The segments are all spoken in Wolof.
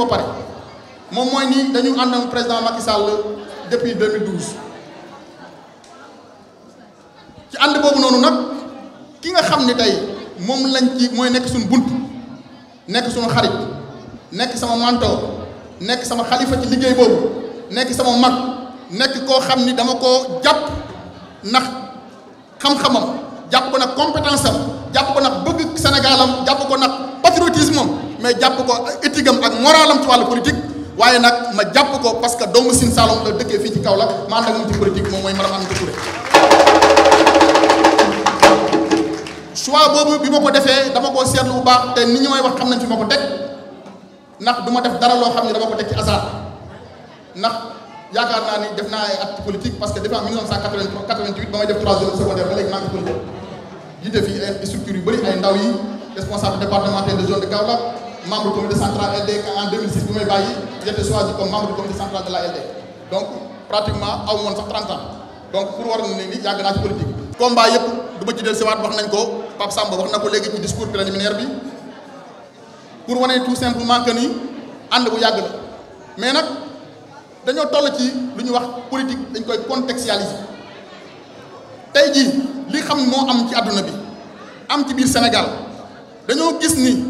ba pare moom mooy ni dañu président Macky depuis 2012 ci ànd boobu noonu nag ki nga xam tey lañ ci mooy nekk suñu bunt nekk suñu xarit nekk sama nekk sama xalifa ci liggéey sama dama xam-xamam ko compétence am ko nag bëgg Sénégalam jàpp ko patriotisme mais jàpp ko éthique moralam ci wàllu politique waaye nag ma jàpp ko parce que doomu Sine Saloum la dëkkee fii ci Kaolack ma ànd ak moom ci boobu bi ma ko defee dama koo seetlu bu baax te nit ñi may wax xam nañ fi ma ko teg ndax du def dara loo xam ne dama ko teg ci hasard ndax yaakaar naa ni def naa ay at politique parce que depuis en 1988 ba may def troisième secondaire ba léegi maa ngi politique jiite fii ay structures yu bëri ay ndaw yi responsable départemental de zone de membre du comité central LD quand en 2006 bi may bàyyi j'étais choisi comme membre du comité central de la LD donc pratiquement aw woon sax 30 ans donc pour war na ne ni yàgg naa ci politique combat yëpp du ma ci del siwaat wax Pape Samba wax pour ko léegi discours préliminaire bi pour voir tout simplement que ni ànd bu yàgg la mais nag de toll ci lu ñu wax politique dañ koy contextualiser tey jii li xam moo am ci bi am ci biir Sénégal dañoo gis ni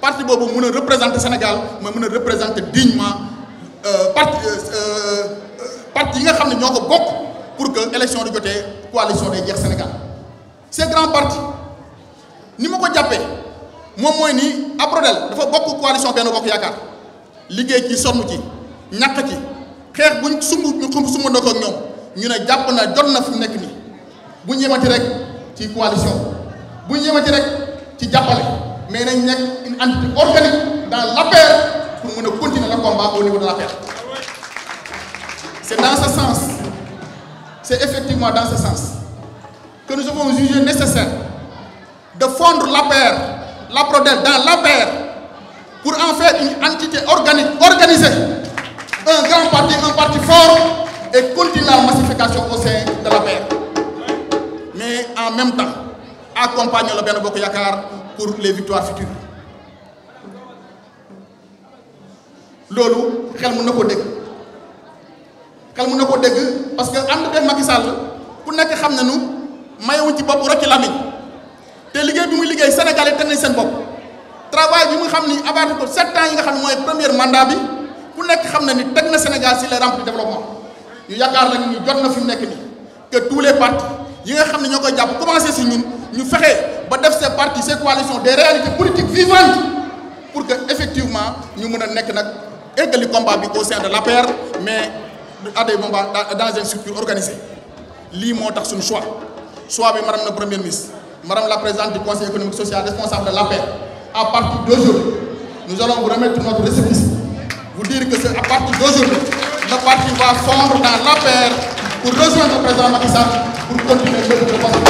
parti bobu mëna représenter Sénégal mais représenter dignement euh, parti euh, euh, parti yi nga pour que élection du coalition des Sénégal ces grands partis ni mako jappé Nous moy ni Aprodel dafa bokk coalition benn bokk yakar liggéey ci sonu ci ñak ci xex buñ sumu ñu Nous ñu ne japp na jot na fu coalition si vous mais nañ anti-organique dans la paix pour nous continuer le combat au niveau de la paix c'est dans ce sens c'est effectivement dans ce sens que nous avons jugé nécessaire de fondre la paix la PRODEL dans la paix pour en faire une entité organique organisée un grand parti un parti fort et continuer la massification au sein de la paix mais en même temps accompagner le Benno Bokk pour les victoires futures loolu xel mun na ko dégg xel mun na ko dégg parce que ànd ben Macky Sall ku nekk xam na nu mayewuñ ci bopp rocci lamiñ te liggéey bi muy liggéey Sénégal yi teg nañ seen bopp travail bi mu xam ni abaatu ko sept ans yi nga xam ne mooy premier mandat bi ku nekk xam na ni teg na Sénégal si les rampes du développement ñu yaakaar nag ni jot na fi mu nekk nii que tous les partis yi nga xam ne ñoo koy jàpp commencé si ñun ñu fexe ba def ces partis ces coalitions des réalités politiques vivantes pour que effectivement ñu mën a nekk nag le combat bi au sein de l'APER, mais dans une structure organisée C'est moo son choix choix avec madame la Premier ministre madame la présidente du conseil économique social responsable de paix. à partir d'aujourd'hui nous allons vous remettre notre récépissé vous dire que c'est à partir d'aujourd'hui le parti va fondre dans paix pour rejoindre le président Macky pour continuer le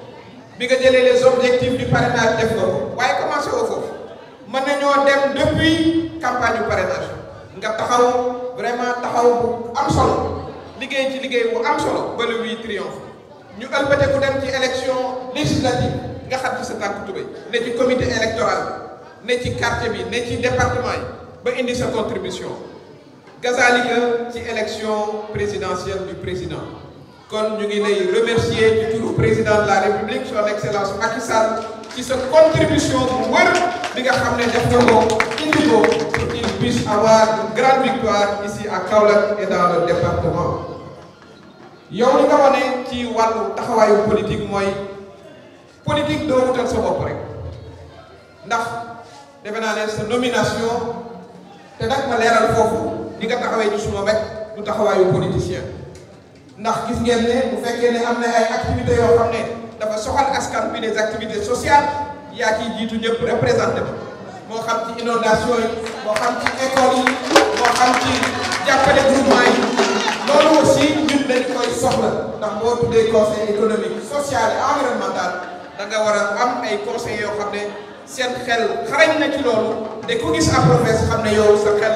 puis nga les objectifs du parrainage des nga ko comment commencé au fond Nous nañoo dem depuis campagne du parrainage Nous avons vraiment taxaw bu am solo liggéey ci liggéey bu am solo ba le huit triomphe Nous ëlbateku dem ci élection législative nga xam ci sa tànk tubéy comité électoral ne ci quartier bi ci département Nous ba indi sa contribution gazalika ci élection présidentielle du président kon ñu ngi lay remercier ci turu président de la république son excellence Macky Sall ci sa contribution bu wër bi nga xam ne def nga ko indi ko pour puisse avoir une grande victoire ici à Kaolack et dans le département. yow li nga wane ci wàllu taxawaayu politique mooy politique doo wutal sa bopp ndax defe naa ne sa nomination te nag ma leeral foofu di nga taxawee ci suma du taxawaayu politicien ndax gis ngeen ne bu fekkee ne am na ay activités yoo xam ne dafa soxal askan bi des activités sociales yaa ciy jiitu ñëpp représenté ko moo xam ci inondation yi moo xam ci école yi moo xam ci jàppale groupement yi loolu aussi ñun dañ koy soxla ndax boo tuddee conseil économique social et environnemental da nga war a am ay conseils yoo xam ne seen xel xarañ na ci loolu de ku gis APROFES xam ne yow sa xel.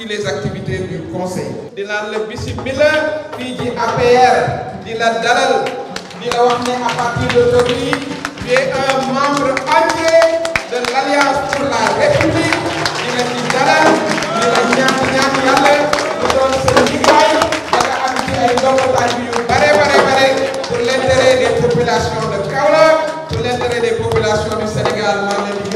ci les activités du conseil De la bisi bi APR di la dalal di la wax à partir d'aujourd'hui tu es un membre entier de l'alliance pour la république di la ci dalal di la ñaan ñaan yàlla bu doon da nga am ci ay yu bare pour l'intérêt des populations de Kaolack pour l'intérêt des populations du Sénégal maa